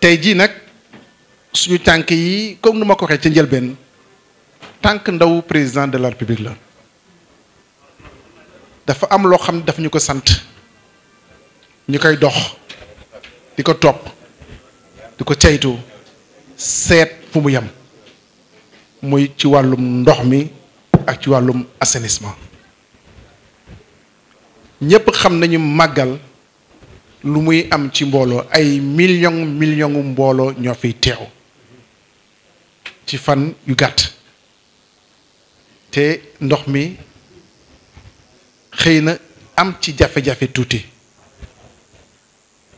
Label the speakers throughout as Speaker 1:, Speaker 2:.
Speaker 1: tey jii nag suñu tànk yi comme nu ma ko waxee ci njëlbeen tànk ndaw président de la république la dafa am loo xam ne daf ñu ko sant ñu koy dox di ko topp di ko caytu seet fu mu yam muy ci wàllum ndox mi ak ci wàllum assainissement ñépp xam nañu màggal lu muy am ci mbooloo ay million million mbooloo ñoo fiy teew ci fan yu gàtt te ndox mi xëy na am ci jafe-jafe tuuti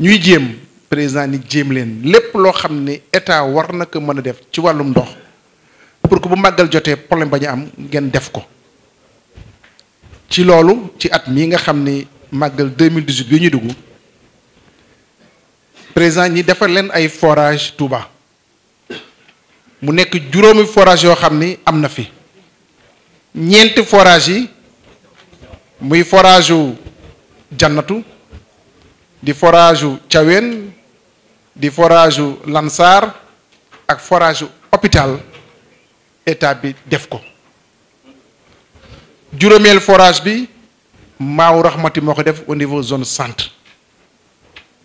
Speaker 1: ñuy jéem président ni jéem leen lépp loo xam ne état war na ko mën a def ci wàllum ndox pour que bu màggal jotee problème ba ñu am ngeen def ko ci loolu ci at mii nga xam ni màggal 2018 bi ñuy dugg président ñi defar leen ay forage Touba mu nekk juróomi forage yoo xam ni am na fi ñeenti forage yi muy forage u jannatu di forage u Thiawéne di forage u Lansar ak forage u hôpital état bi def ko juróomeel forage bi Maaw Rahmati moo ko def au niveau zone centre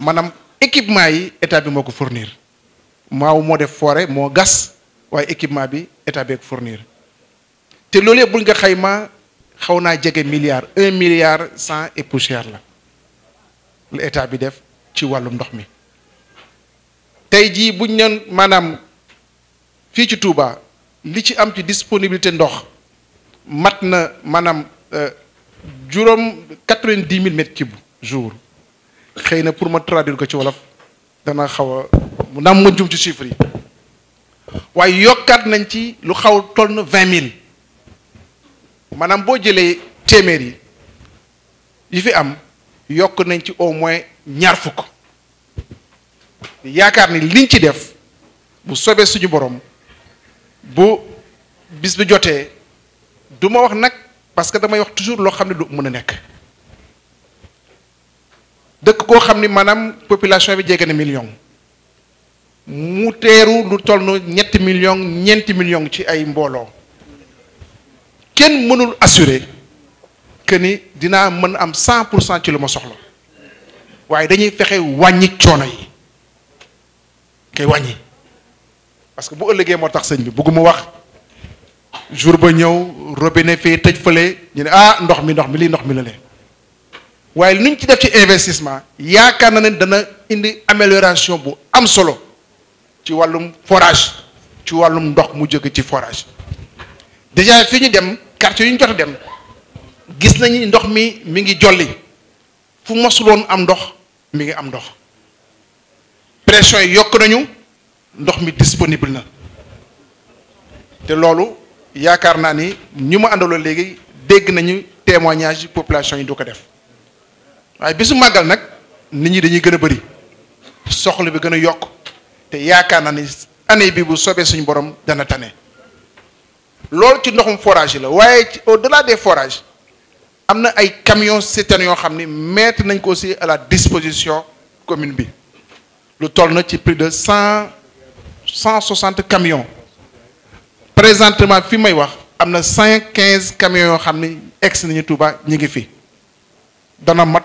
Speaker 1: manam équipement yi état bi moko fournir maaw mo def forêt mo gas way équipement bi état bi ko fournir té lolé bu nga xayma xaw naa jege milliard 1 milliard 100 et poussière la la état bi def ci walum ndox mi tay ji buñ neen manam fi ci Touba li ci am ci disponibilité ndox matna manam euh juróom 90000 vingt dix mètres cubes jour xëy na pour ma traduire ko ci wolof dana xaw a naam ma jum ci chiffres yi waaye yokkaat nañ ci lu xaw toll na vingt mille maanaam boo jëlee téeméer yi yi fi am yokk nañ ci au moins ñaar fukk yaakaar ni liñ ci def bu sobee suñu boroom bu bis bi jotee du ma wax nag parce que damay wax toujours loo xam ne du mën a nekk dëkk koo xam ni maanaam population bi jege na million mu teeru lu toll ñetti million ñeenti million ci ay mbooloo kenn mënul assurer que ni dinaa mën am cent pour cent ci lu ma soxla waaye dañuy fexe wàññi coono yi kay wàññi parce que bu ëllëgee moo tax sëñ bi bëgguma wax jour ba ñëw robinet fee tëj fële ñu ne ah ndox mi ndox mi lii ndox mi la lee waaye lu ñu ci def ci investissement yaakaar na ne dana indi amélioration bu am solo ci wàllum forage ci wàllum ndox mu jóge ci forage déjà fi ñu dem quartier yu ñu jot a dem gis nañu ndox mi mi ngi jolli fu mosuloon am ndox mi ngi am ndox pression yi yokk nañu ndox mi disponible na te loolu yaakaar naa ni ñu ma àndaloo léegi dégg nañu témoignage population yi du ko def waaye bisu màggal nag nit ñi dañuy gën a bëri soxla bi gën a yokk te yaakaar naa ni année bi bu sobee suñu borom dana tane loolu ci ndoxum forage la waaye au delà des forages am na ay camions citernes yoo xam ni mettre nañ ko aussi à la disposition commune bi lu toll na ci plus de cent cent soixante camions présentement fi may wax am na cent quinze camions yoo xam ni ex nañu Touba ñu ngi fi dana mat.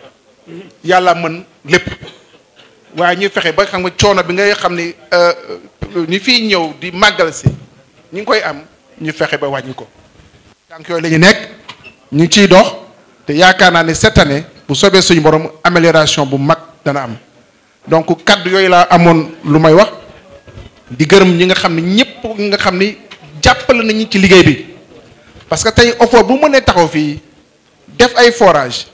Speaker 1: yalla mën lepp waaye ñu fexé ba xam nga coono bi nga xamni euh ni fi ñew di magal ci ñu koy am ñu fexé ba wàññi ko. tank yoy lañu nek ñu ci dox te yaakaar naa ne cette année bu soobee suñu borom amélioration bu mag dana am donc kaddu yoy la amone lu may wax di gërëm ñi nga xam ne ñëpp ñi nga xam ni nañu ci liggéey bi parce que tay effort bu mëne taxaw fi def ay forage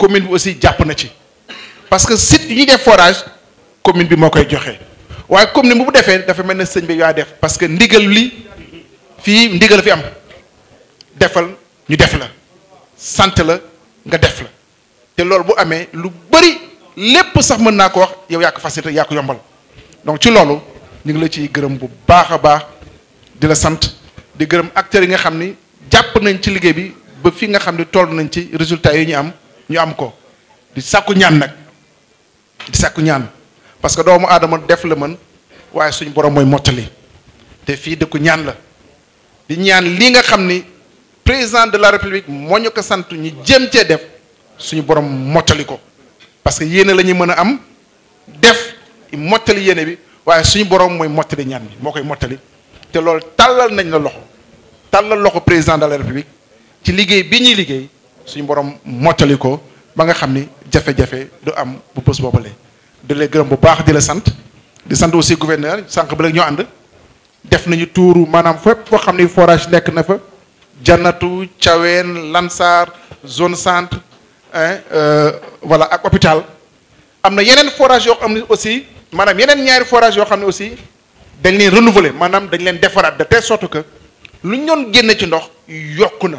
Speaker 1: commune nous aussi japp na parce que site yi def forage commune bi koy joxe avons commune bu parce que ndigal li ndigal fi am ñu def la la nga def la bu lu sax ko wax yow facilité yombal donc ci loolu la ciy gërëm bu baaxa a baax di la ça, di gërëm fait yi nga nañ ci bi ba fi nga nañ ci résultats am. ñu am ko di sàkku ñaan nag di sàkku ñaan parce que doomu aadama def la mën waaye suñu borom mooy mottali te fii dëkku ñaan la di ñaan li nga xam ni président de la république moo ñu ko sant ñu jéem cee def suñu borom mottali ko parce que yéene la ñuy mën a am def mottali yéene bi waaye suñu borom mooy mottali ñaan bi moo koy mottali te loolu tàllal nañ la loxo tàllal loxo président de la république ci liggéey bi ñuy liggéey suñu borom mottali ko ba nga xam ni jafe-jafe du am bu bés boobale di la bu baax di la sant di sant aussi gouverneur sànq ba la ñoo ànd def nañu tuuru maanaam fépp foo xam ni forage nekk na fa jannatu Thiawéne Lansar zone centre euh, voilà ak hôpital am na yeneen forage yoo xam ne aussi maanaam yeneen ñaari forage yoo xam ne aussi dañ leen renouveler maanaam dañ leen defaraat de telle sorte que lu ñu génne ci ndox yokk na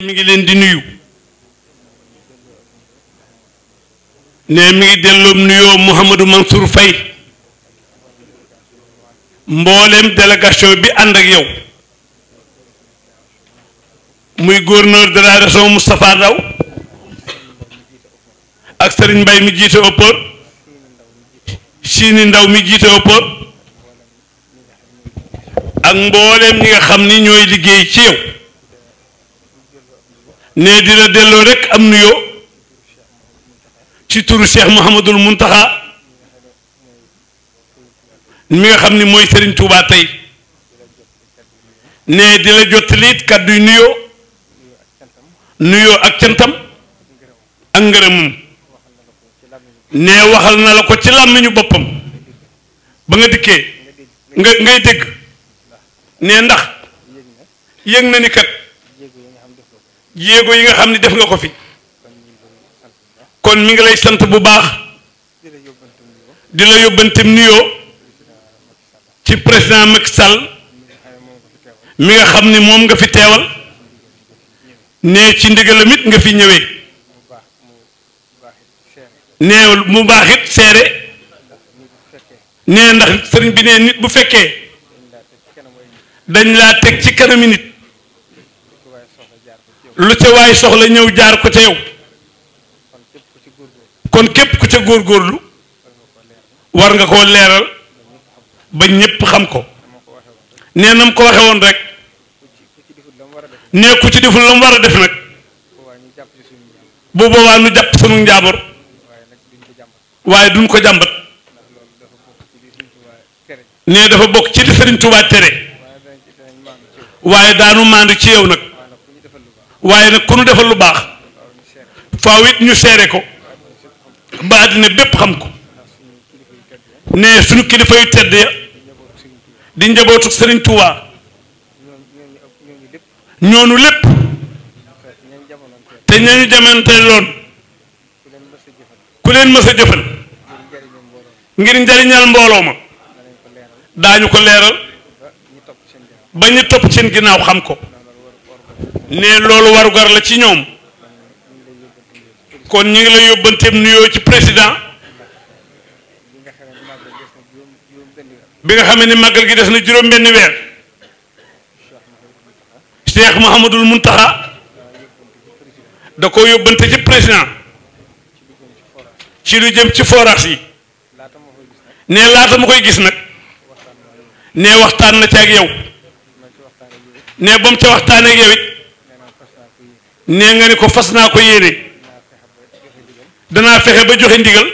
Speaker 2: mi ngi leen di nuyu ne mi ngi delloom nuyoo Mouhamadou Mansour Faye mboolem délégation bi ànd ak yow muy gouverneur de la région Moustapha Ndaw ak Serigne Mbaye mi jiite ëppoor Sini Ndaw mi jiite ëppoor ak mboolem ñi nga xam ni ñooy liggéey ci yow ne di la delloo rek am nuyoo ci turu Cheikh Mouhamadul Muntaxa mi nga xam ni mooy Serigne Touba tey ne di la jottaliit kàdduy nuyoo nuyoo ak cantam ak ngërëmam ne waxal na la ko ci làmmiñu boppam ba nga dikkee nga ngay dégg ne ndax yëg na ni kat jéego yi nga xam ne def nga ko fi kon mi ngi lay sant bu baax di la yóbbante nuyoo ci président Macky Sall mi nga xam ne moom nga fi teewal ne ci ndigalam it nga fi ñëwee nee mu baax it seere nee ndax sëriñ bi ne nit bu fekkee dañ laa teg ci kanami nit lu ca waay soxla ñëw jaar ko ca yow kon képp ku ca góorgóorlu war nga koo leeral ba ñépp xam ko nee na mu ko waxe woon rek nee ku ci deful la mu war a def nag bu boobaa nu jàpp sunu njaabor waaye duñ ko jàmbat nee dafa bokk ci li Sëriñ Tuubaa tere waaye daanu maandu ci yow nag waaye nag ku nu defal lu baax faaw it ñu seere ko ba àddina bépp xam ko ne suñu kilifa yu tedd ya di njabootu Serigne Touba ñoonu lépp te ñañu jamante loon ku leen mës a jëfal ngir njariñal mbooloo ma daañu ko leeral ba ñu topp seen ginnaaw xam ko ne loolu warugar la ci ñoom kon ñu ngi la yóbbanteem nuyoo ci président bi nga xamee ne màggal gi des na juróom-benni weer Cheikh Mouhamadul Muntaha da koo yóbbante ci président ci lu jëm ci forage yi ne laata ma koy gis nag ne waxtaan na ci ak yow ne ba mu ca waxtaan ak yow nee nga ne ko fas naa ko yéene danaa fexe ba joxe ndigal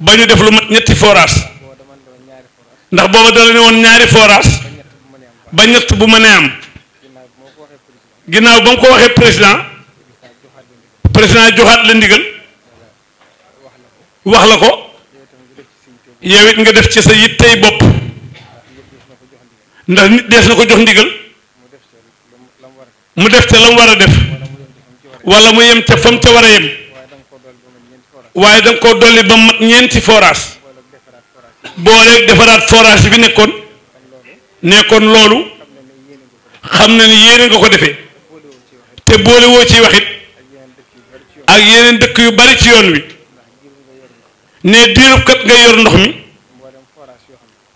Speaker 2: ba ñu def lu mat ñetti forage ndax booba dala ne woon ñaari forage ba ñett bu mënee am ginnaaw ba mu ko waxee président président joxaat la ndigal wax la ko yow it nga def ci sa yittey bopp ndax nit dees na ko jox ndigal. mu def ca la mu war a def wala mu yem ca fa mu ca war a yem waaye da nga koo dolli ba mat ñeenti forage booleeg defaraat forage bi nekkoon nekkoon loolu xam na ni yéene nga ko defee te boole woo ciy waxit ak yeneen dëkk yu bari ci yoon wi ne diirub kat nga yor ndox mi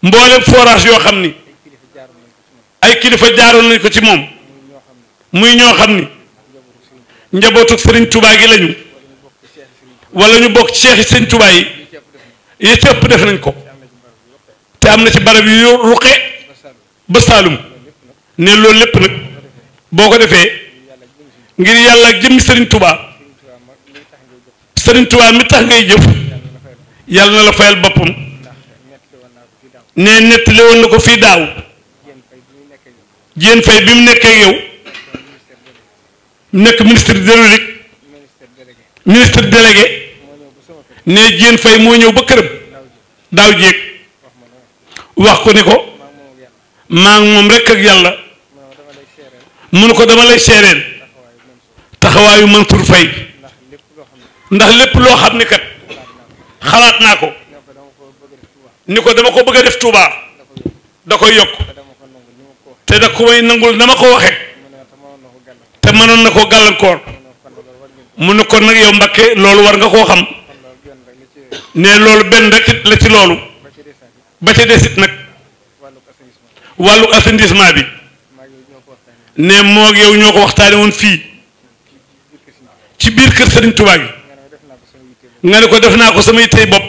Speaker 2: mboolem forage yoo xam ni ay kilifa jaaroon nañ ko ci moom. muy ñoo xam ni njabootuk sëriñ tubaa gi lañu wala ñu bokk ceexi sëriñ tubaa yi yi ci ëpp def nañ ko te am na ci barab yu ruqe ba saalum ne loolu lépp nag boo ko defee ngir yàlla ak jëmmi sëriñ tubaa sëriñ tubaa mi tax ngay jëf yàlla na la fayal boppam ne nettali woon na ko fii daaw jéen fay bi mu nekkee yow nekk ministre délégué ministre délégué ne Diène Faye moo ñëw ba këram daaw jéeg wax ko ni ko maa ngi moom rek ak yàlla mun ko dama lay seereel taxawaayu Mansour Faye ndax lépp loo xam ni kat xalaat naa ko ni ko dama ko bëgg a def Touba da koy yokk te da ko may nangul na ko waxee. mënoon na koo gàllankoor mu ne kon nag yow Mbàkke loolu war nga koo xam ne loolu benn rek la ci loolu ba ca desit nag wàllu assainissement bi ne moo yow ñoo ko waxtaane woon fii ci biir kër Sëriñ Tuubaa gi nga ne ko def naa ko samay tey bopp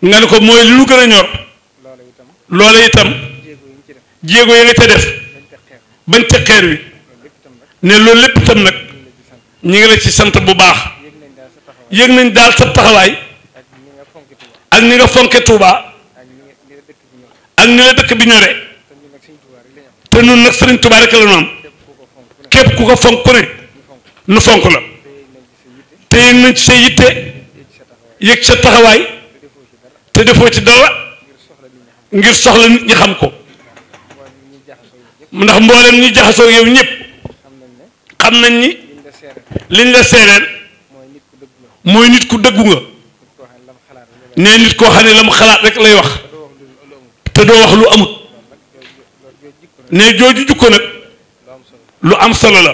Speaker 2: nga ne ko mooy li ñu gën a ñor loola itam jéego yi nga ca def bañ ca xeer wi ne loolu lépp itam nag ñu ngi la ci sant bu baax yëg nañ daal sa taxawaay ak ni nga fonke Touba ak ni la dëkk bi ñore te nun nag Serigne Touba rek la ñu am képp ku ko fonk ku ne nu fonk la te yëg nañ ci sa yitte yëg sa taxawaay te defoo ci dara ngir soxla nit ñi xam ko ndax mboolem ñi jaxasoo yow ñëpp. xam nañ ni liñ la seereel mooy nit ku dëggu nga nee nit koo xam ne la mu xalaat rek lay wax te doo wax lu amut ne jooju jukko nag lu am solo la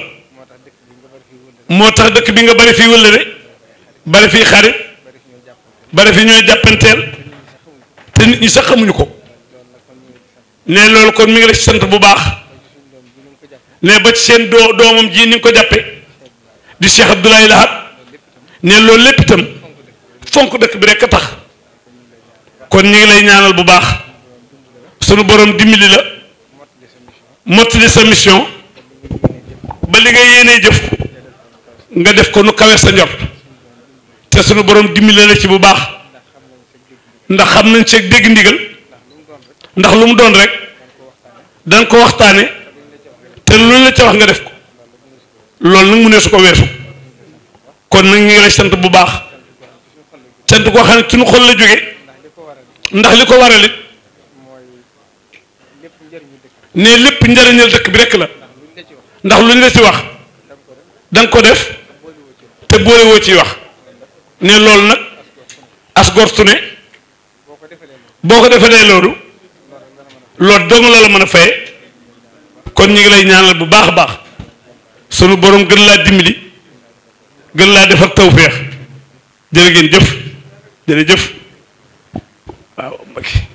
Speaker 2: moo tax dëkk bi nga bari fii wëllëre bari fii xarit bari fi ñooy jàppanteel te nit ñi sax xamuñu ko ne loolu kon mi ngi la ci sant bu baax ne ba ci seen doo doomam ji ni nga ko jàppe di Cheikh Abdoulaye Lahad ne loolu lépp itam fonk dëkk bi rekk a tax kon ñu ngi lay ñaanal bu baax sunu borom dimbali la mottali sa mission ba li nga yéenee jëf nga def ko nu kawe sa njort te sunu borom dimbali la ci bu baax ndax xam nañ ci dégg ndigal ndax lu mu doon rek dañ ko waxtaane te loolu la ca wax nga def ko loolu nag mu ne su ko weesu kon nag ñu ngi lay sant bu baax sant koo xam ne suñu xol la jóge ndax li ko waral it ne lépp njëriñal dëkk bi rekk la ndax lu la ci wax da nga ko def te boole woo ciy wax ne loolu nag as gortu ne boo ko defee defalee loolu loolu dong la la mën a faye kon ñu ngi lay ñaanal bu baax a baax sunu borom gën laa dimbali gën laa defar tawféex jërë ngeen jëf jërëjëf waaw Mbacke